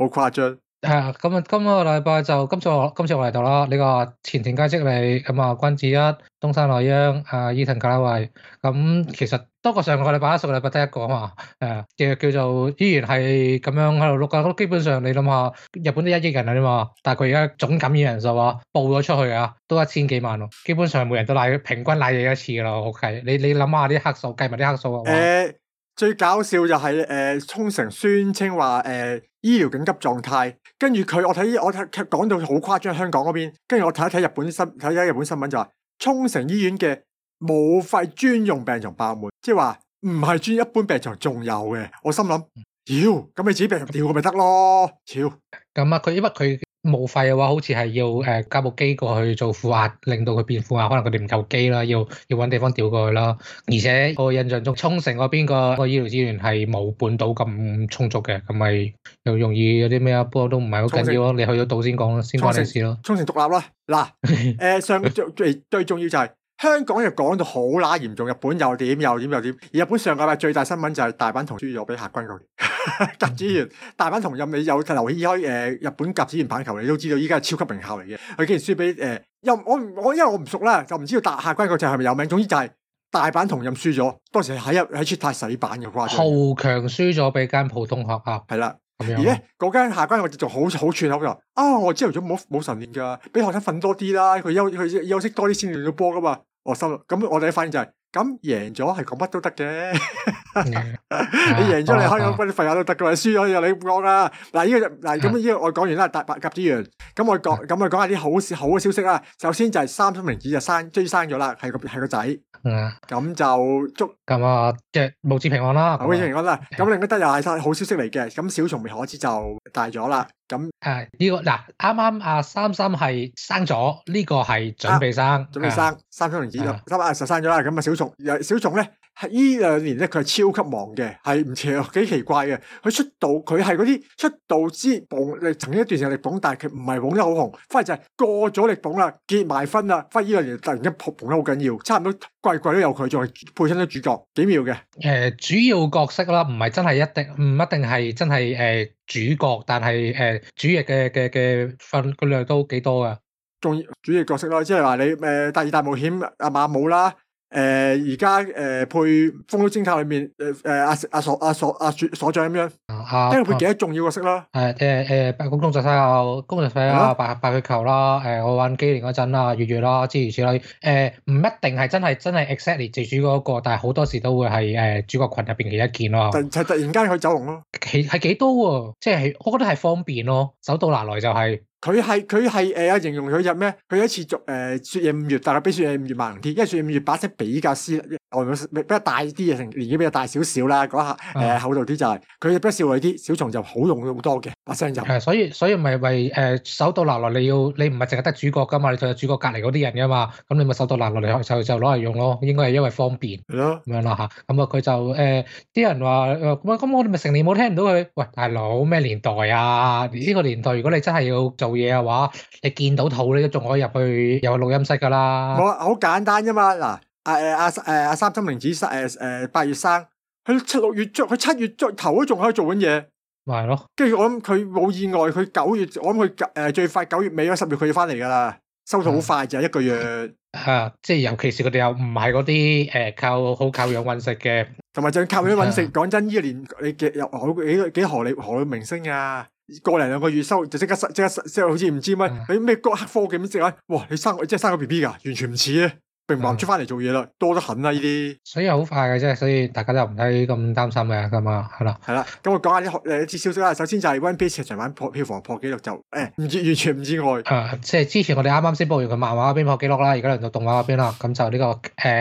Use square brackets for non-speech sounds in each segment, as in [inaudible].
好誇張，啊！咁啊，今個禮拜就今次，今次我嚟到啦。呢個前田佳織里，咁啊，君子一，東山奈央，啊，伊藤格拉惠。咁、啊、其實多過上個禮拜，十個禮拜得一個啊嘛。誒、啊，嘅叫做依然係咁樣喺度錄嘅，基本上你諗下，日本都一億人啦嘛，但係佢而家總感染人數啊，報咗出去啊，都一千幾萬喎。基本上每人都賴平均賴嘢一次㗎啦。OK，你你諗下啲黑數，計埋啲黑數啊、欸最搞笑就係誒，沖繩宣稱話誒，醫療緊急狀態，跟住佢我睇我睇佢講到好誇張，香港嗰邊，跟住我睇一睇日本新睇一睇日本新聞就話沖繩醫院嘅冇肺專用病床爆滿，即係話唔係專一般病床仲有嘅，我心諗，妖，咁、嗯呃、你自己病床調過咪得咯，超，咁啊佢因為佢。呃冇肺嘅話，好似係要誒、呃、加部機過去做負壓，令到佢變負壓。可能佢哋唔夠機啦，要要搵地方調過去啦。而且我印象中，沖繩嗰邊個個醫療資源係冇本島咁充足嘅，咁咪又容易有啲咩啊？不過都唔係好緊要咯。繩你去咗島先講先關你事咯。沖繩獨立啦！嗱，誒、呃、上最 [laughs] 最重要就係、是、香港又講到好乸嚴重，日本又點又點又點。點點點日本上屆嘅最大新聞就係大阪同書又俾客軍 [laughs] 甲子園大阪同任，你有留意開誒日本甲子園棒球，你都知道依家係超級名校嚟嘅。佢竟然輸俾誒、呃，又我我因為我唔熟啦，就唔知道下關個仔係咪有名。總之就係大阪同任輸咗，當時喺入喺出太洗版嘅誇張。豪強輸咗俾間普通學校，係啦的。樣而咧嗰間下關、呃，我仲好好串口噶啊，我知，為咗冇冇晨練噶，俾學生瞓多啲啦，佢休佢休息多啲先練到波噶嘛。我心諗，咁，我哋第一反應就係、是。咁贏咗係講乜都得嘅，你贏咗你可以講乜廢話都得噶啦。輸咗又你唔講啦。嗱 Yeah,，呢個嗱咁呢個我講完啦，Yeah. 大白甲之緣。咁我講咁我 Yeah. 講下啲好好消息啦。首先就係三生靈子就生追生咗啦，係個係個仔。嗯，咁就祝咁啊嘅母子平安啦。母子平安啦。咁另一個得又係好消息嚟嘅。咁小蟲未可知就大咗啦。咁誒呢個嗱啱啱啊三三係生咗，呢、這個係準備生，啊、準備生三歲零幾咗，三啊實生咗了啦。咁啊的小松小松呢？依兩年咧，佢係超級忙嘅，係唔邪，啊，幾奇怪嘅。佢出道，佢係嗰啲出道之部，曾經一段時間力捧，但係佢唔係捧得好紅，反而就係過咗力捧啦，結埋婚啦，翻依兩年突然間捧得好緊要，差唔多季季都有佢做配身咗主角，幾妙嘅。誒，主要角色啦，唔係真係一定唔一定係真係誒主角，但係誒主役嘅嘅嘅份嗰量都幾多嘅，仲主要角色咯，即係話你誒《第二大冒險》阿馬武啦。誒，而家誒配《風流偵探》裏面誒誒阿阿所阿、啊、所阿、啊、所長咁樣，即係配幾多重要嘅角色啦。誒誒，工作細胞，工作細胞啊！白白血球啦、啊，誒、呃，我玩機靈嗰陣啦，月月啦、啊，諸如此類。誒、呃，唔一定係真係真係 exactly 自主嗰、那個，但係好多時都會係誒、呃、主角群入邊嘅一件咯、啊。就突，突然間去走紅咯、啊。其係幾，幾多、啊？即係我覺得係方便咯、啊，手到拿來就係、是。佢係佢係誒，阿、呃、形容佢入咩？佢一次捉誒、呃、雪夜五月，但係比雪夜五月慢啲，因為雪夜五月把聲比較絲，外比較大啲嘅，成年紀比較大少少啦，嗰下誒厚度啲就係、是、佢比較少啲，小蟲就好用好多嘅，把聲入。誒，所以所以咪為誒手到辣落，你要你唔係淨係得主角噶嘛，你仲有主角隔籬嗰啲人噶嘛，咁你咪手到辣落嚟就就攞嚟用咯，應該係因為方便係咯，咁的樣啦、啊、吓，咁、嗯呃、啊佢就誒，啲人話咁咁我哋咪成年冇聽唔到佢，喂大佬咩年代啊？呢、這個年代如果你真係要做。做嘢啊？哇！你見到套咧，都仲可以入去，有錄音室噶啦。冇啊，好簡單啫嘛！嗱，阿阿阿阿三心明子、誒誒八月生，佢七六月卒，佢七月卒頭都仲可以做緊嘢。咪係咯。跟住我諗佢冇意外，佢九月我諗佢誒最快九月尾嗰十月佢要翻嚟噶啦，收得好快咋一個月。啊，即係尤其是佢哋又唔係嗰啲誒靠好靠樣搵食嘅，同埋仲要靠樣搵食。講真，呢年你嘅入好幾幾何？你何嘅明星啊？過嚟兩個月收就即刻失，即刻失，即係好似唔知乜，嗯、你咩高科技咁即係，哇！你生即係生個 B B 㗎，完全唔似嘅，並唔係、嗯、出翻嚟做嘢啦，多得很啦呢啲。所以好快嘅啫，所以大家都唔使咁擔心嘅咁啊，係啦。係啦，咁我講一下啲誒啲消息啦。首先就係《One Piece》劇場版破票房破紀錄，就誒唔知完全唔知外。即係、嗯就是、之前我哋啱啱先報完佢漫畫嗰邊破紀錄啦，而家嚟到動畫嗰邊啦，咁就呢、這個誒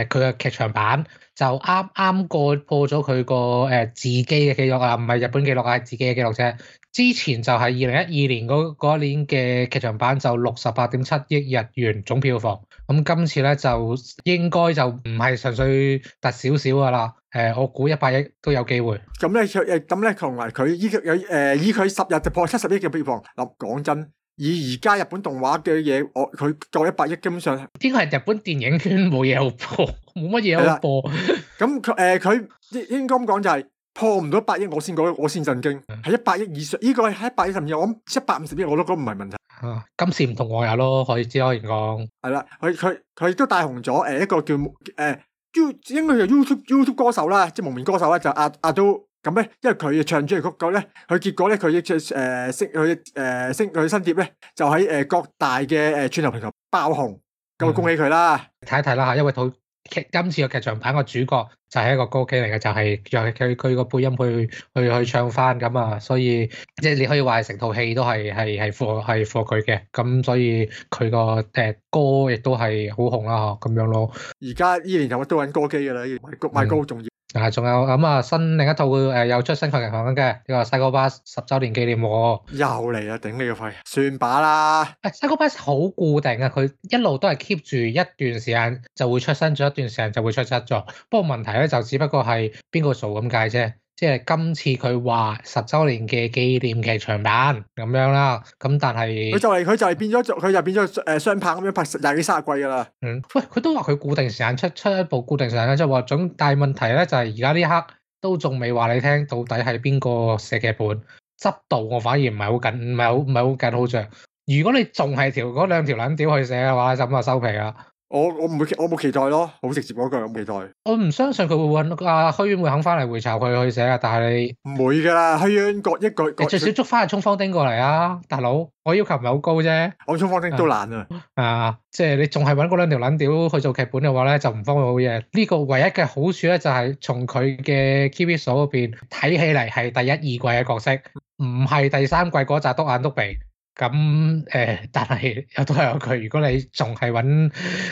佢嘅劇場版就啱啱過破咗佢個誒自己嘅紀錄啊，唔係日本紀錄啊，係自己嘅紀錄啫。之前就係二零一二年嗰年嘅劇場版就六十八點七億日元總票房，咁今次咧就應該就唔係純粹突少少噶啦，誒我估一百億都有機會。咁咧誒咁咧同埋佢依有誒以佢十日就破七十億嘅票房，嗱，講真，以而家日本動畫嘅嘢，我佢過一百億基本上應該係日本電影圈冇嘢好破，冇乜嘢好播。咁佢誒佢應該咁講就係、是。破唔到百億，我先講，我先震驚。係一百億以上，呢、這個係一,一百五十億，我諗一百五十億，我都覺得唔係問題。啊，今次唔同往日咯，可以只可以講。係啦，佢佢佢亦都帶紅咗誒，一個叫誒 You，、呃、應該係 YouTube YouTube 歌手啦，即係蒙面歌手啦，就阿阿都咁咧，因為佢唱主題曲夠咧，佢結果咧佢亦誒升，佢誒、呃、升佢新碟咧，就喺誒各大嘅誒串流平台爆紅，咁恭喜佢啦！睇、嗯、一睇啦吓，因為同。劇今次個劇場版個主角就係一個歌姬嚟嘅，就係用佢佢個配音去去去唱翻咁啊，所以即係你可以話係成套戲都係係係 for 係 for 佢嘅，咁所以佢個誒歌亦都係好紅啦咁樣咯。而家依然有都揾歌姬噶啦，賣歌賣歌好重要。啊，仲有咁啊，新另一套誒，又出《新球人狂奔》嘅呢個《細個巴十周年紀念喎》又，又嚟啊，頂你個肺，算把啦！誒、哎，《細個巴》好固定啊，佢一路都係 keep 住一段時間就會出新，咗一段時間就會出出咗，不過問題咧就只不過係邊個做咁解啫。即係今次佢話十周年嘅紀念劇場版咁樣啦，咁但係佢就係佢就係變咗佢就變咗誒雙拍咁樣拍廿幾卅季噶啦。嗯，喂，佢都話佢固定時間出出一部固定時間，即係話準，但係問題咧就係而家呢刻都仲未話你聽到底係邊個寫嘅本，執導我反而唔係好緊，唔係好唔係好緊好着。如果你仲係條嗰兩條撚屌去寫嘅話，就咁就收皮啦。我我唔會我冇期待咯，好直接嗰句、那個，冇期待。我唔相信佢會搵阿虛淵會肯翻嚟回巢佢去寫啊！但係你唔會噶，虛淵各一，隔一，隔一，隔一你最少捉翻個沖方丁過嚟啊，大佬！我要求唔係好高啫，我沖方丁都難啊！啊，即係你仲係搵嗰兩條撚屌去做劇本嘅話咧，就唔幫佢好嘢。呢、這個唯一嘅好處咧，就係從佢嘅 Key Visual 嗰邊睇起嚟係第一二季嘅角色，唔係第三季嗰集篤眼篤鼻。咁誒，但係又都係有佢。如果你仲係揾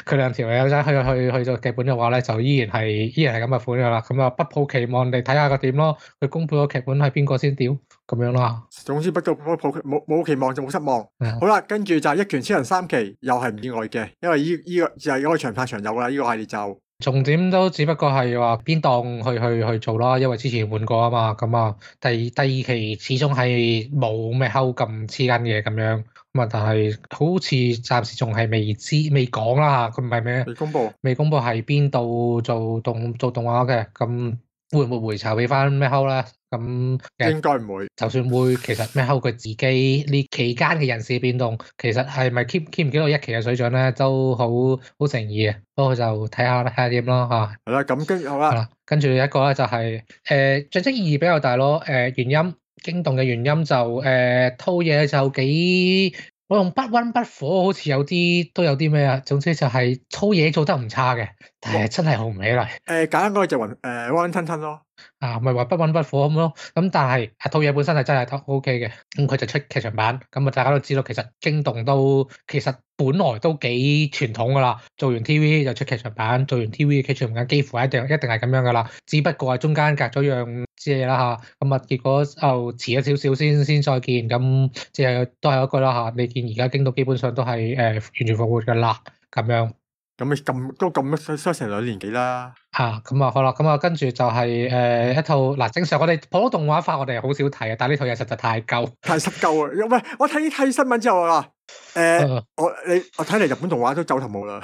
佢兩條友仔去一去一去做劇本嘅話咧，就依然係依然係咁嘅款嘅啦。咁啊，不抱期望你睇下個點咯。佢公佈咗劇本係邊個先屌咁樣啦。總之，不到不，不抱抱冇冇期望就冇失望。好啦，跟住就一拳超人三期又係唔意外嘅，因為呢依個就係嗰個長拍長,長有啦。呢、呢個系列就～重點都只不過係話邊檔去去去做啦，因為之前換過啊嘛，咁啊第第二期始終係冇咩 hold 咁黐緊嘢咁樣，咁啊但係好似暫時仲係未知未講啦吓，佢唔係咩未公布，未公布喺邊度做動做動畫嘅，咁會唔會回巢畀翻咩 hold 咧？How 呢咁應該唔會，就算會，其實咩後佢自己呢期間嘅人事變動，其實係咪 keep 唔 keep 到一期嘅水準咧，都好好誠意啊。不過就睇下睇下點咯吓。係啦，咁跟住好啦，跟住一個咧就係誒，象徵意義比較大咯。誒，原因驚動嘅原因就誒，偷嘢就幾我用不溫不火，好似有啲都有啲咩啊。總之就係偷嘢做得唔差嘅，但係真係好唔起嚟。誒，簡單講就云誒溫吞吞咯。啊，唔係話不温不火咁咯，咁、嗯、但係套嘢本身係真係都 O K 嘅，咁、嗯、佢就出劇場版，咁、嗯、啊大家都知道，其實驚動都其實本來都幾傳統噶啦，做完 TV 就出劇場版，做完 TV 嘅劇場版幾乎一定一定係咁樣噶啦，只不過係中間隔咗樣嘢啦吓，咁啊、嗯、啊結果就遲咗少少先先再見，咁即係都係一句啦吓、啊，你見而家驚動基本上都係誒、呃、完全復活噶啦，咁樣。咁你咁都咁，都衰成兩年幾啦？吓、啊，咁啊好啦，咁啊跟住就係、是、誒、呃、一套嗱，正常我哋普通動畫化我哋好少睇嘅，但係呢套嘢實在太鳩，太濕鳩啊！喂，我睇睇新聞之後啊，誒、呃呃，我你我睇嚟日本動畫都走頭冇啦，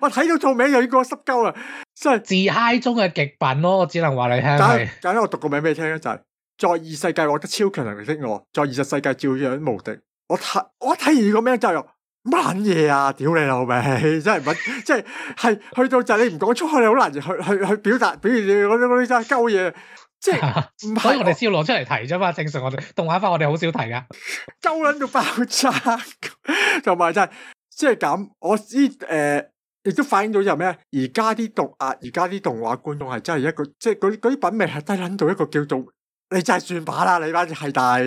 我睇到做名又要過濕鳩啊，真係自嗨中嘅極品咯！我只能話你聽。但係，但係我讀個名俾你聽，就係、是、在異世界獲得超強能力的我，在現實世界照樣無敵。我睇我睇完個名就。乜撚嘢啊！屌你老味，真係唔， [laughs] 即係係去到就你唔講粗口，你好難去去去表達，比如你啲真係鳩嘢，即係，所以 [laughs] 我哋先要攞出嚟提咗嘛？正常我，畫我哋動畫翻我哋好少提噶，鳩撚到爆炸，同埋真係即係咁，我知誒，亦、呃、都反映咗就咩？而家啲毒壓，而家啲動畫觀眾係真係一個，即係嗰啲品味係低撚到一個叫做，你真係算把啦，你反正係大。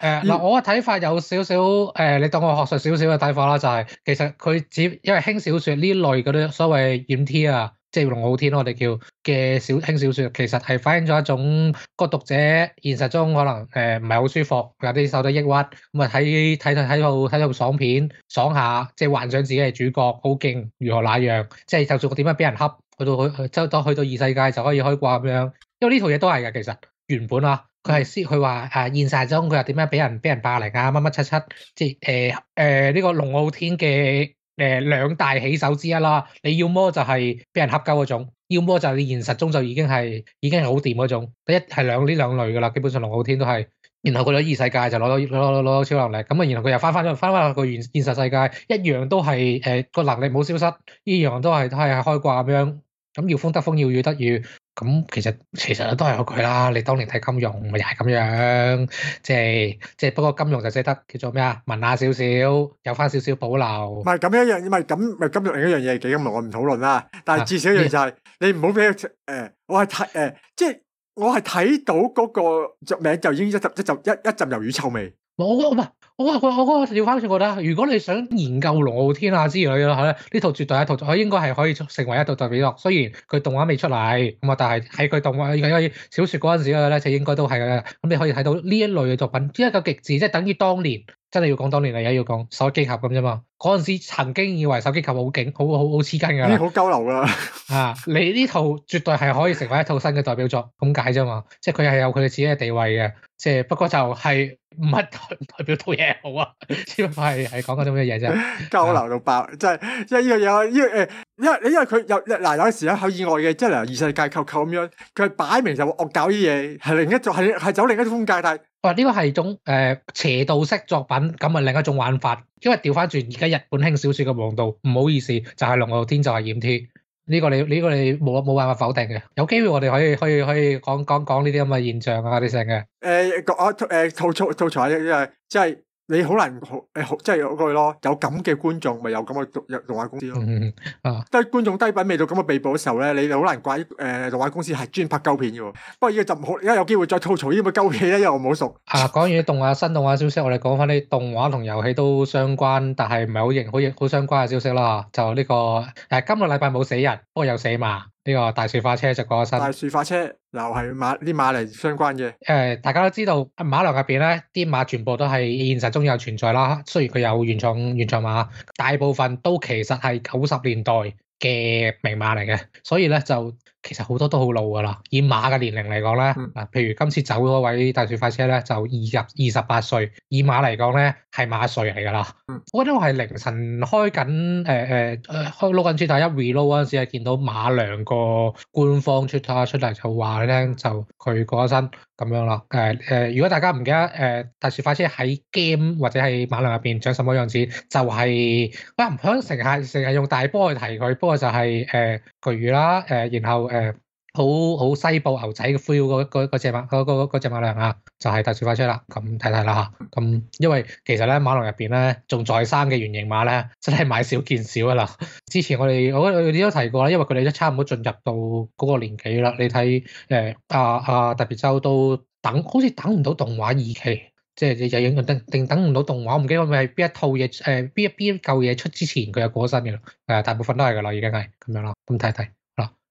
誒嗱、呃，我嘅睇法有少少誒，你當我學術少少嘅睇法啦，就係、是、其實佢只因為輕小說呢類嗰啲所謂掩貼啊，即係龍傲天、啊，我哋叫嘅小輕小說，其實係反映咗一種一個讀者現實中可能誒唔係好舒服，有啲受到抑鬱，咁啊睇睇睇到睇到爽片，爽下，即係幻想自己係主角，好勁，如何那樣，即係就算佢點樣俾人恰，去到去周到去到異世界就可以開掛咁樣，因為呢套嘢都係嘅其實。原本啊，佢係先，佢話啊，現實中佢又點樣俾人俾人霸凌啊？乜乜七七，即係誒誒呢個龍傲天嘅誒兩大起手之一啦。你要麼就係俾人恰鳩嗰種，要麼就係你現實中就已經係已經係好掂嗰種。第一係兩呢兩類噶啦，基本上龍傲天都係。然後佢喺異世界就攞到攞攞攞到超能力，咁啊，然後佢又翻翻咗翻翻去個現現實世界，一樣都係誒個能力冇消失，一樣都係都係開掛咁樣。咁要風得風，要雨得雨，得雨。咁其實其實都係有佢啦，你當年睇金融咪又係咁樣，即係即係不過金融就識得叫做咩啊？問下少少，有翻少少保留。唔係咁一樣，唔係咁，唔係金融另一樣嘢幾咁，我唔討論啦。但係至少一樣嘢就係，是啊，你唔好俾佢誒，我係睇誒，即係我係睇到嗰個隻名就已經一集、一集、一一陣魷魚臭味。我我唔係，我我我翻轉覺得，如果你想研究龍傲天啊之類嘅話咧，呢套絕對係一套，佢應該係可以成為一套代表作。雖然佢動畫未出嚟，咁啊，但係喺佢動畫、喺小說嗰陣時咧，就應該都係嘅。咁你可以睇到呢一類嘅作品，呢一個極致，即係等於當年，真係要講當年嚟，講而家要講手機俠咁啫嘛。嗰陣時曾經以為手機俠好勁，好好好黐筋噶，好交流噶。啊，你呢套絕對係可以成為一套新嘅代表作，咁解啫嘛。即係佢係有佢哋自己嘅地位嘅。即係，不過就係乜都唔代表套嘢好啊。只不過係係講緊啲乜嘢啫，交流到爆，即係即係呢樣嘢。因為誒，因為因為佢有嗱有時候有意外嘅，即係嚟異世界扣扣咁樣。佢係擺明就惡搞啲嘢，係另一種係係走另一種風格。但係，哇！呢個係種誒、呃、邪道式作品，咁啊另一種玩法。因為調翻轉而家日本輕小說嘅王道，唔好意思，就係龍傲天就係掩鐵。呢個你呢、這個你冇冇辦法否定嘅，有機會我哋可以可以可以講講講呢啲咁嘅現象啊啲成嘅。誒，我誒吐槽吐槽嘅，即係、欸你好難好，誒好即係有句咯，有咁嘅觀眾咪有咁嘅動動畫公司咯，嗯。啊，低觀眾低品味到咁嘅被捕嘅時候咧，你就好難怪誒、呃、動畫公司係專拍鳩片嘅。不過依家就唔好，依家有機會再吐槽呢啲咪鳩片咧，因為我唔好熟。啊，講完動畫新動畫消息，我哋講翻啲動畫同遊戲都相關，但係唔係好型，好型好相關嘅消息啦。就呢，這個誒，但今個禮拜冇死人，不過有死嘛。呢個大樹化車就過咗身。大樹化車，又係馬啲馬嚟相關嘅。誒、呃，大家都知道啊，馬壇入邊咧，啲馬全部都係現實中有存在啦。雖然佢有原創原創馬，大部分都其實係九十年代嘅名馬嚟嘅，所以咧就。其實好多都好老㗎啦，以馬嘅年齡嚟講咧，嗱，譬如今次走嗰位大雪快車咧，就二廿二十八歲，以馬嚟講咧係馬歲嚟㗎啦。我覺得我係凌晨開緊誒誒誒開碌緊 Twitter 一 reload 嗰陣時，係見到馬良個官方出刊出嚟就話咧，就佢過咗身咁樣啦。誒、欸、誒、呃，如果大家唔記得誒、呃、大雪快車喺 game 或者係馬良入邊長什麼樣子，就係我唔想成日成日用大波去提佢，不過就係、是、誒、呃、巨魚啦，誒、呃、然後誒。誒，好好西部牛仔嘅 feel 嗰嗰嗰隻馬，隻馬娘啊，就係特別快出啦。咁睇睇啦吓，咁因為其實咧馬娘入邊咧，仲在生嘅原型馬咧，真係買少見少噶啦。之前我哋我哋都提過啦，因為佢哋都差唔多進入到嗰個年紀啦。你睇誒阿阿特別週都等，好似等唔到動畫二期，即係有影定定等唔到動畫。唔記得係邊一套嘢誒，邊、呃、一邊一舊嘢出之前佢又過身嘅啦。誒、呃，大部分都係噶啦，已經係咁樣咯。咁睇睇。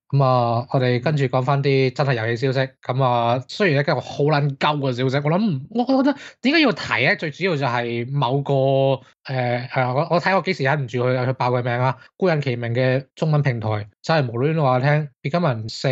咁啊、嗯，我哋跟住講翻啲真係遊戲消息。咁、嗯、啊，雖然咧今日好撚鳩嘅消息，我諗，我我覺得點解要提咧？最主要就係某個誒，係、呃、啊，我我睇我幾時忍唔住去去爆個名啊？姑隱其名嘅中文平台，就係、是、無端端話聽《葉金文四》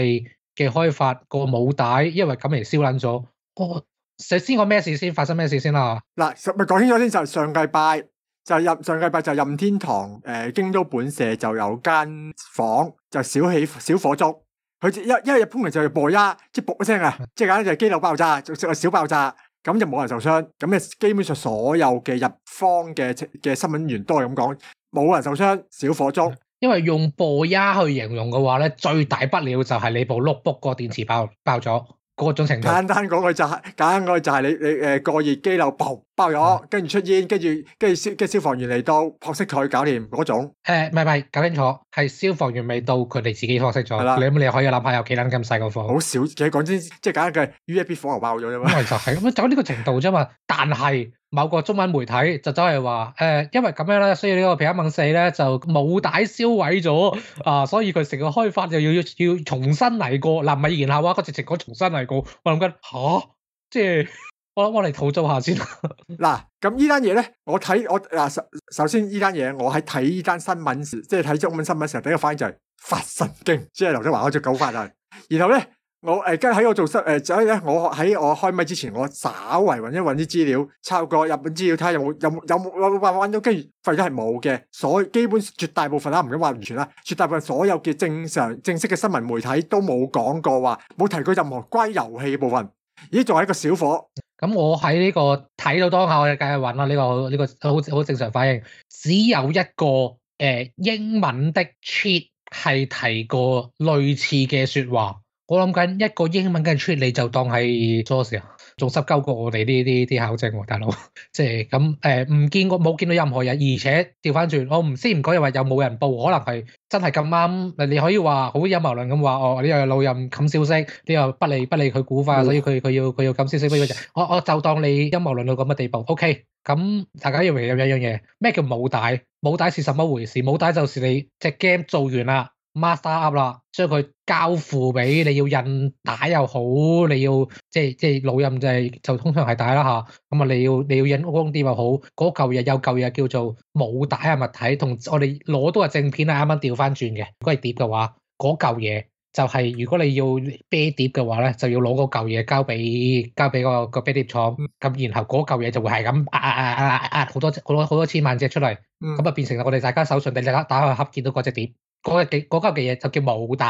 嘅開發個母帶，因為咁嚟燒撚咗。我、哦、首先講咩事先，發生咩事先啦？嗱，咪講清楚先就係上禮拜。就入上個禮拜就任天堂，誒、呃、京都本社就有間房就小起小火燭，佢一一日半夜就係播丫，即係卜一聲啊！即係簡單就係機流爆炸，就食、是、個小爆炸，咁就冇人受傷。咁嘅基本上所有嘅日方嘅嘅新聞員都係咁講，冇人受傷，小火燭。因為用播丫去形容嘅話咧，最大不了就係你部 notebook 個電池爆爆咗嗰種程度。簡單講、就是，佢就係簡單講，佢就係你你誒、呃、過熱機流爆。爆咗，跟住出煙，跟住跟住消跟消防員嚟到撲熄佢搞掂嗰種。誒、欸，唔係唔係，搞清楚係消防員未到，佢哋自己撲熄咗。係啦，你咁你可以諗下有幾捻咁細個火。好少，其實講真，即係簡單嘅，U A B 火就爆咗啫嘛。咪就係咁啊，走呢個程度啫嘛。但係某個中文媒體就走係話，誒、欸，因為咁樣啦，所以個呢個皮卡孟四咧就冇底燒毀咗啊，所以佢成個開發就要要要重新嚟過。嗱，咪然後啊，那個直情講重新嚟過，我諗緊吓，即係。啊啊啊啊啊我我嚟吐槽下先嗱，咁呢單嘢咧，我睇我嗱首首先呢單嘢，我喺睇呢單新聞時，即係睇中文新聞嘅時候，第一個反應就係、是、發神經。即係劉德華，隻狗發啊！ [laughs] 然後咧，我誒、跟、呃、喺我做新誒，所以咧，我喺我開咪之前，我稍為搵一搵啲資料，抄過日本資料睇下有冇有冇有冇有冇辦法搵到。跟住，廢咗係冇嘅，所基本絕大部分啦，唔、啊、敢話完全啦，絕大部分所有嘅正常正式嘅新聞媒體都冇講過話，冇提及任何關於遊戲嘅部分。咦，仲係一個小火？咁我喺呢、這個睇到當下，我就繼續搵啦。呢、這個呢、這個好好正常反應。只有一個誒、呃、英文的 cheat 係提過類似嘅說話。我諗緊一個英文嘅 cheat，你就當係 source 啊。仲濕鳩過我哋呢啲啲考證喎，大佬，即係咁誒，唔見過冇見到任何人，而且調翻轉，我唔先唔講，又話有冇人報，可能係真係咁啱。嗱，你可以話好陰謀論咁話，哦，呢個老任冚消息，呢個不理不理佢估法，所以佢佢要佢要冚消息。不如我我就當你陰謀論到咁嘅地步，OK？咁大家要明一樣嘢，咩叫冇帶？冇帶是什麼回事？冇帶就是你隻 game 做完啦。master up 啦，所以佢交付俾你要印打又好，你要即係即係老印就係，是，就通常係打啦吓。咁，嗯，啊你要你要印光碟又好，嗰嚿嘢有嚿嘢叫做冇打嘅物體，同我哋攞到嘅正片係，啱啱調翻轉嘅。如果係碟嘅話，嗰嚿嘢就係，是，如果你要啤碟嘅話咧，就要攞嗰嚿嘢交俾交俾個個啤碟廠，咁，嗯嗯，然後嗰嚿嘢就會係咁壓壓壓壓好多隻好多好多千萬隻出嚟，咁啊變成我哋大家手上第日打打開個盒見到嗰隻碟。嗰個幾嗰嚿嘅嘢就叫母帶，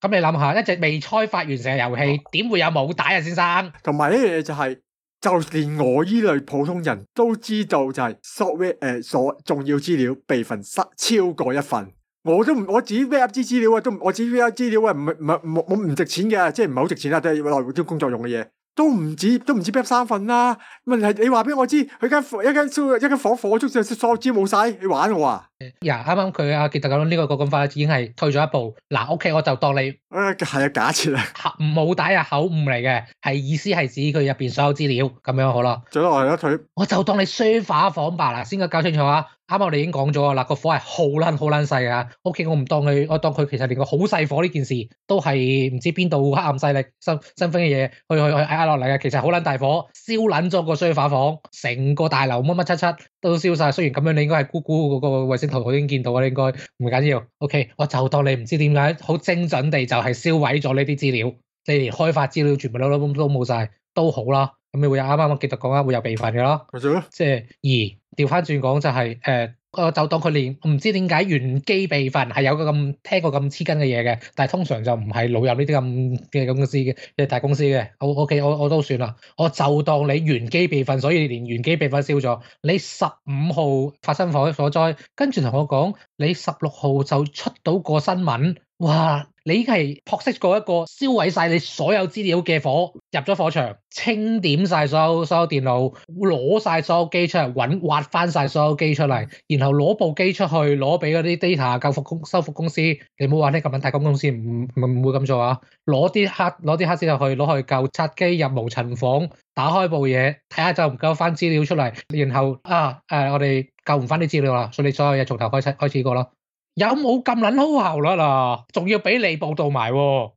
咁你諗下，一隻未開發完成嘅遊戲點會有母帶啊？先生，同埋呢樣嘢就係、是，就連我依類普通人都知道就係，所謂誒所重要資料備份失超過一份，我都我自己 backup 資料啊，都我自己 backup 資料啊，唔係唔係冇唔值錢嘅，即係唔係好值錢啦，都係內部啲工作用嘅嘢，都唔止都唔止 backup 三份啦、啊，問題係你話俾我知，佢間一間一間房火燭上鎖，資料冇晒，你玩我啊？呀，啱啱佢阿杰特講呢個個咁快已經係退咗一步。嗱、啊、OK，我就當你，啊，係啊，假設啊，冇帶啊，口誤嚟嘅，係意思係指佢入邊所有資料咁樣好啦。最後一腿，我就當你書法房吧。嗱，先講搞清楚啊。啱啱我哋已經講咗啦，個火係好撚好撚細啊。OK，我唔當佢，我當佢其實連個好細火呢件事都係唔知邊度黑暗勢力新新興嘅嘢去去去壓落嚟啊。其實好撚大火，燒撚咗個書法房，成個大樓乜乜七七都燒晒。雖然咁樣，你應該係咕咕嗰個衛星。我已經見到啦，應該唔緊要。OK，我就當你唔知點解好精準地就係燒毀咗呢啲資料，你連開發資料全部都都都冇晒，都好啦。咁你會有啱啱我記得講啦，會有備份嘅啦。即係二調翻轉講就係、是、誒。呃我就當佢連唔知點解原機備份係有個咁聽過咁黐筋嘅嘢嘅，但係通常就唔係老入呢啲咁嘅咁嘅公司嘅大公司嘅。O O K，我我都算啦，我就當你原機備份，所以你連原機備份燒咗。你十五號發生火火災，跟住同我講，你十六號就出到個新聞。哇！你已經係撲熄過一個燒毀晒你所有資料嘅火，入咗火場清點晒所有所有電腦，攞晒所有機出嚟，揾挖翻晒所有機出嚟，然後攞部機出去攞俾嗰啲 data 救復公修復公司。你唔好話呢啲咁大公司唔唔唔會咁做啊！攞啲黑攞啲黑色入去攞去救拆機入無塵房，打開部嘢睇下就唔夠翻資料出嚟，然後啊誒、呃、我哋救唔翻啲資料啦，所以你所有嘢從頭開始開始過咯。有冇咁撚好口啦嗱？仲要俾你報道埋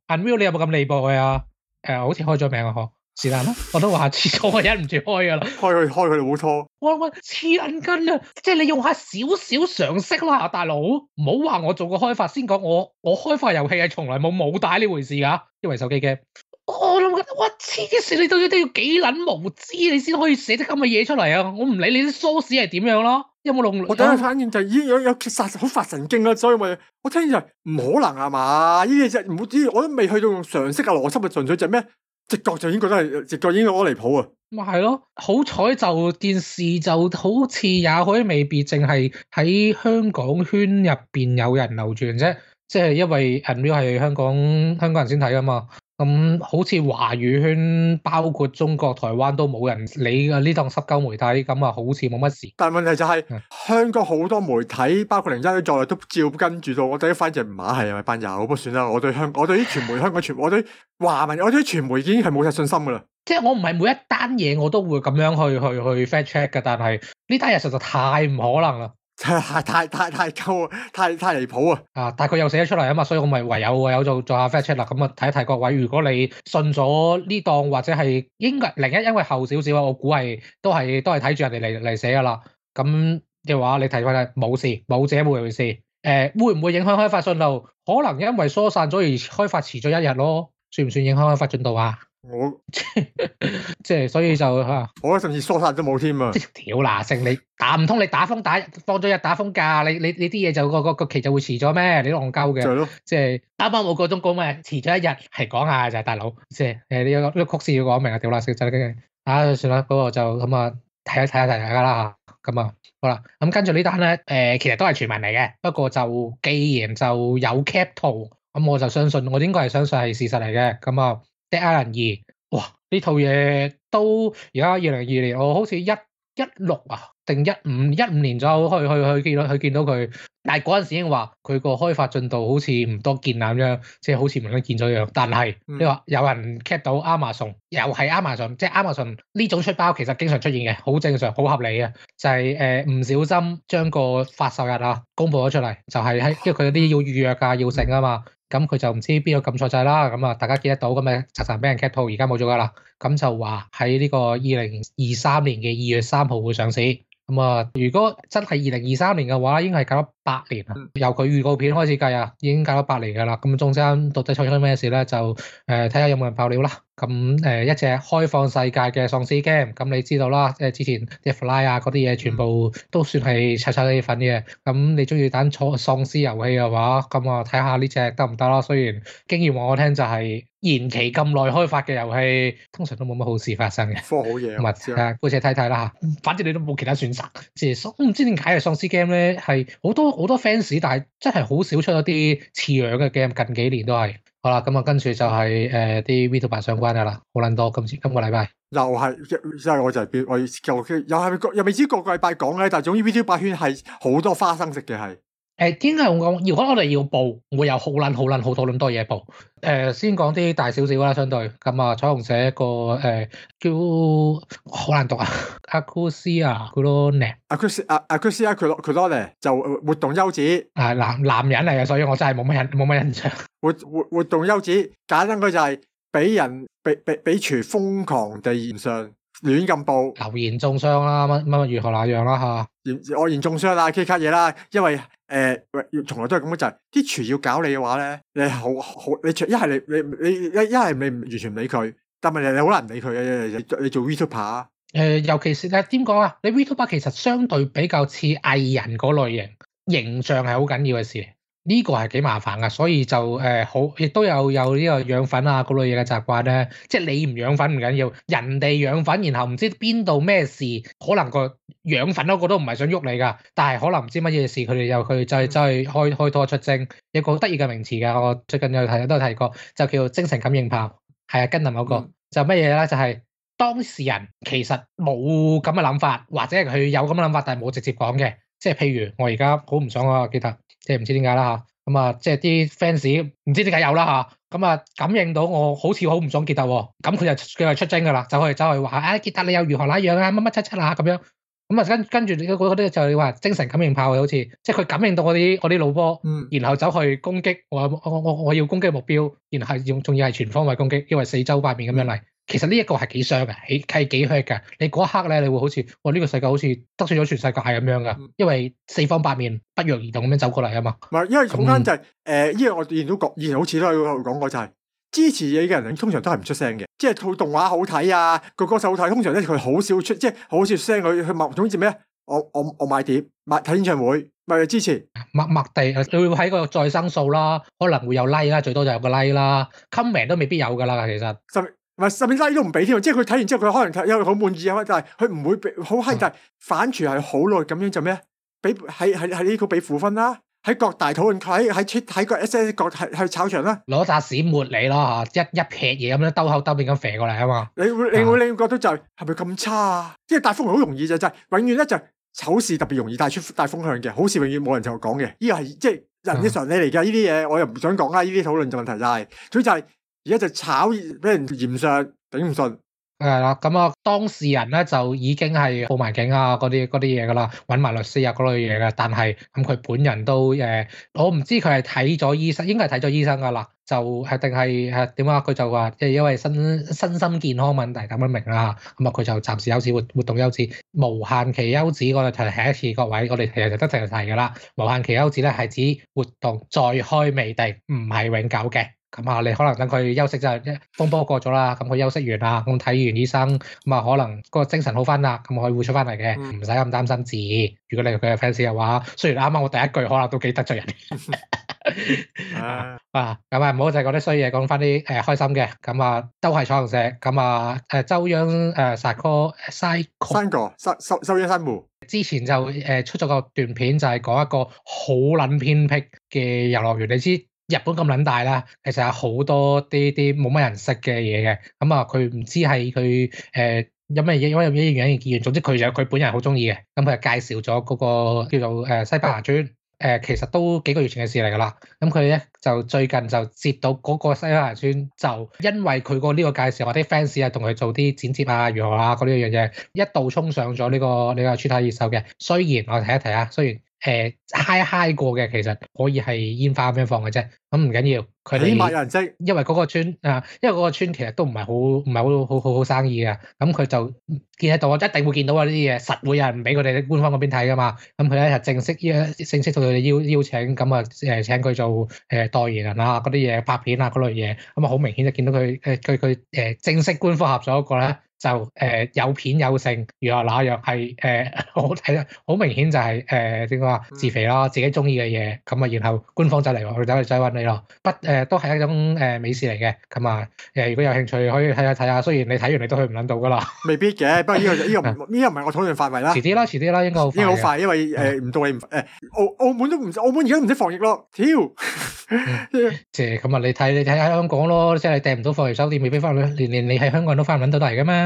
阿 n i e l 你有冇咁離譜佢啊？誒、呃，好似開咗名啊嗬？是但啦，我都話黐錯，我忍唔住開啊啦！開佢，開佢，好錯。我諗，我黐撚根啊！即係你用下少少常識啦、啊，大佬，唔好話我做個開發先講我，我開發遊戲係從來冇冇帶呢回事噶，因為手機 game。我諗緊，我黐線，你到底都要幾撚無知，你先可以寫得咁嘅嘢出嚟啊？我唔理你啲 source 係點樣咯、啊。有冇腦？我第一反應就已經有有殺好發神經啊，所以咪我聽就唔可能係嘛？呢只唔知我都未去到用常識嘅邏輯啊，純粹就咩？直覺就已經覺得係，直覺已經好離譜啊！咪係咯，好彩就電視就好似也可以未必淨係喺香港圈入邊有人流傳啫，即係因為 NBA 係香港，香港人先睇噶嘛。咁、嗯、好似華語圈，包括中國、台灣都冇人理啊呢檔失鳩媒體，咁啊，好似冇乜事。但係問題就係、是，嗯、香港好多媒體，包括零一在內，都照，都照跟住到。我第一翻隻馬係咪班友，不算啦。我對香，我對啲傳媒，香港傳媒，我對華文，我對傳媒已經係冇晒信心噶啦。即係我唔係每一單嘢，我都會咁樣去去去 fact check 噶。但係呢單嘢實在太唔可能啦。太係太太太夠，太太離譜啊！啊，但係佢又寫得出嚟啊嘛，所以我咪唯有有做做下 fact check 啦。咁啊，睇一睇各位，如果你信咗呢檔或者係應該，另一因為後少少，我估係都係都係睇住人哋嚟嚟寫噶啦。咁嘅話，你睇翻係冇事，冇者冇嘅回事。誒、呃，會唔會影響開發進路？可能因為疏散咗而開發遲咗一日咯，算唔算影響開發進度啊？我 [laughs] 即係，所以就吓，我甚至疏散都冇添啊！即係，條嗱聲你打唔通，你打風打放咗一日打風假，你你你啲嘢就個個期就會遲咗咩？你都戇鳩嘅即係是 [laughs] 打返我個鐘講咩，遲咗一日係講下就係大佬，即係誒，你個呢個曲線要講明啊，條嗱聲就啊，算啦，嗰，那個就咁，嗯，啊，睇，嗯，一睇一睇下噶啦吓，咁啊好啦，咁跟住呢單咧，誒，其實都係傳聞嚟嘅，不過就既然就有 Cap 圖，咁我就相信，我應該係相信係事實嚟嘅，咁啊。啊啊啊啊 I N 二，哇！呢套嘢都而家二零二年，我好似一一六啊，定一五一五年左右去去去見到去見到佢，但係嗰陣時已經話佢個開發進度好似唔多見啦咁樣，即係好似唔想建咗樣。但係你話有人 cap 到 Amazon，又係 Amazon，即係 Amazon 呢種出包其實經常出現嘅，好正常，好合理嘅，就係誒唔小心將個發售日啊公佈咗出嚟，就係喺因為佢有啲要預約㗎，要整啊嘛。咁佢就唔知邊個撳錯掣啦，咁啊大家見得到，咁啊潺潺俾人 capture，而家冇咗噶啦，咁就話喺呢個二零二三年嘅二月三號會上市。咁啊，如果真係二零二三年嘅話，應該係計咗八年啦，由佢預告片開始計啊，已經計咗八年噶啦。咁中間到底出咗咩事咧？就誒，睇、呃、下有冇人爆料啦。咁誒、呃，一隻開放世界嘅喪屍 game，咁你知道啦，即係之前 The Fly 啊嗰啲嘢，全部都算係凄凄厲粉嘅。咁你中意打喪喪屍遊戲嘅話，咁啊睇下呢隻得唔得啦。雖然經驗話我聽就係、是。延期咁耐開發嘅遊戲，通常都冇乜好事發生嘅，科好嘢。唔係，姑且睇睇啦嚇。反正你都冇其他選擇。即係喪，唔知點解係喪屍 game 咧，係好多好多 fans，但係真係好少出一啲次樣嘅 game。近幾年都係。好啦，咁啊跟住就係誒啲 VTuber 相關嘅啦。好撚多今次今個禮拜又係，即係我就係、是、我、就是我就，又又係咪又咪知個個禮拜講咧？但係總之 VTuber 圈係好多花生食嘅係。誒，點解我講？如果我哋要報，會有好捻好捻好多咁多嘢報。誒、呃，先講啲大少少啦，相對。咁、嗯、啊，彩虹社個誒、呃、叫好難讀啊，阿古斯啊，佢咯叻。阿古斯阿阿古斯啊，佢佢咯叻，就活動休止。啊男男人嚟嘅，所以我真係冇乜印冇乜印象。活活活動休止，簡單佢就係俾人俾俾俾廚瘋狂地獻上。亂咁報，流言中傷啦，乜乜乜如何那樣啦吓、啊？言惡言中傷啦，K 卡嘢啦，因為誒，從、呃、來都係咁嘅。就係、是，啲廚要搞你嘅話咧，你好好，你一係你你你一係你唔完全理佢，但係你好難唔理佢嘅，你做 VTuber 啊？誒、呃，尤其是誒，點、呃、講啊？你 VTuber 其實相對比較似藝人嗰類型，形象係好緊要嘅事。呢個係幾麻煩噶，所以就誒好，亦、呃、都有有呢個養粉啊嗰類嘢嘅習慣咧。即係你唔養粉唔緊要，人哋養粉，然後唔知邊度咩事，可能個養粉嗰個都唔係想喐你噶，但係可能唔知乜嘢事，佢哋又去就係、是、就係、是、開、就是、拖出精，一個好得意嘅名詞㗎。我最近有睇，都有提過，就叫精神感應炮。係啊，跟阿某個、嗯、就乜嘢咧？就係、是、當事人其實冇咁嘅諗法，或者佢有咁嘅諗法，但係冇直接講嘅。即係譬如我而家好唔想啊，我記得。即係唔知點解啦嚇，咁、嗯、啊即係啲 fans 唔知點解有啦嚇，咁、嗯、啊感應到我好似好唔爽傑達喎、哦，咁佢就佢就出征㗎啦，走去走去話誒傑達你又如何那樣啊乜乜七七啊咁樣，咁、嗯、啊跟跟住嗰啲就係話精神感應炮好似，即係佢感應到我啲我啲腦波，嗯，然後走去攻擊我我我我要攻擊目標，然後仲要係全方位攻擊，因為四周八面咁樣嚟。其實呢一個係幾傷嘅，係佢係幾 hit 噶。你嗰一刻咧，你會好似哇呢，這個世界好似得罪咗全世界係咁樣噶，嗯，因為四方八面不約而同咁樣走過嚟，啊嘛。唔係，就係嗯呃，因為中間就誒呢樣我以前都講，就係，以前好似都講過，就係支持嘢嘅人通常都係唔出聲嘅，即係套動畫好睇啊，個歌手好睇，通常咧佢好少出，即係好少聲，佢佢默。總之咩？我我我買碟，默睇演唱會，咪支持，默默地。都會喺個再生數啦，可能會有 like 啦，最多就有個 like 啦，comment 都未必有噶啦，其實。唔係甚至拉都唔俾添，即係佢睇完之後，佢可能有、嗯、好滿意啊，但係佢唔會俾好閪，但係反饋權好耐咁樣做咩？俾喺喺喺呢個俾負分啦，喺各大討論區喺喺出喺個 S S 各係去炒場啦、啊，攞扎屎抹你咯吓，一一撇嘢咁樣兜口兜面咁射過嚟啊嘛，你會是的 你會你覺得就係係咪咁差啊？即係大風向好容易就係、是，永遠咧就係醜事特別容易帶出大風向嘅，好事永遠冇人就講嘅，呢係即係人嘅常理嚟噶。呢啲嘢我又唔想講啦。呢啲討論就問題就係、是，主要就係、是。而家就炒俾人嫌上頂唔順，係啦。咁啊、嗯嗯，當事人咧就已經係報埋警啊，嗰啲啲嘢噶啦，搵埋律師啊，嗰類嘢嘅。但係咁佢本人都誒、嗯，我唔知佢係睇咗醫生，應該係睇咗醫生噶啦。就係定係係點啊？佢就話即係因為身身心健康問題，噉樣明啦。咁、嗯、啊，佢就暫時休止活活動休止無限期休止。我哋提一下一次，各位，我哋其實就得提一齊睇噶啦。無限期休止咧，係指活動再開未定，唔係永久嘅。咁啊，你可能等佢休息就係一風波過咗啦，咁佢休息完啦，咁睇完醫生，咁啊可能個精神好翻啦，咁可以會出翻嚟嘅，唔使咁擔心。治，如果你係佢嘅 fans 嘅話，雖然啱啱我第一句可能都幾得罪人。 [laughs] [laughs] 啊，咁啊，唔好就係講啲衰嘢，講翻啲誒開心嘅。咁啊，都係彩虹社。咁啊，誒周央誒殺哥曬個三個收收收咗三部。之前就誒出咗個段片，就係講一個好撚偏僻嘅遊樂園，你知。日本咁撚大啦，其實有好多啲啲冇乜人識嘅嘢嘅，咁啊佢唔知係佢誒有咩嘢因為咩原因而結緣，總之佢就佢本人好中意嘅，咁、嗯、佢介紹咗嗰個叫做誒西班牙村，誒、呃、其實都幾個月前嘅事嚟㗎啦，咁佢咧就最近就接到嗰個西班牙村，就因為佢個呢個介紹，我啲 fans 啊同佢做啲剪接啊，如何啊嗰呢樣嘢，一度衝上咗呢、呢個呢、呢個串太熱搜嘅，雖然我睇一睇啊，雖然。誒嗨 i 過嘅，其實可以係煙花咁樣放嘅啫，咁唔緊要。佢哋因為嗰個村啊，因為嗰個村其實都唔係好，唔係好好好好生意嘅，咁佢就見到我一定會見到啊呢啲嘢，實會有人俾佢哋喺官方嗰邊睇噶嘛，咁佢咧就正式，依正式做嘅邀邀請，咁啊誒請佢做誒代言人啊，嗰啲嘢拍片啊嗰類嘢，咁啊好明顯就見到佢誒佢佢誒正式官方合作過啦。就誒有片有剩，如何那樣係誒，我睇咧好明顯就係誒點講啊自肥咯，自己中意嘅嘢，咁啊然後官方就嚟我哋走去洗屈你咯，不誒都係一種誒美事嚟嘅，咁啊誒如果有興趣可以睇下睇下，雖然你睇完你都去唔撚到噶啦，未必嘅，不過呢個呢個呢個唔係我討論範圍啦，遲啲啦遲啲啦應該好快，因為誒唔到你誒澳澳門都唔澳門而家唔識防疫咯，屌，即係咁啊你睇你睇下香港咯，即係訂唔到貨源收店未必翻去，連連你喺香港都翻唔撚到嚟噶嘛。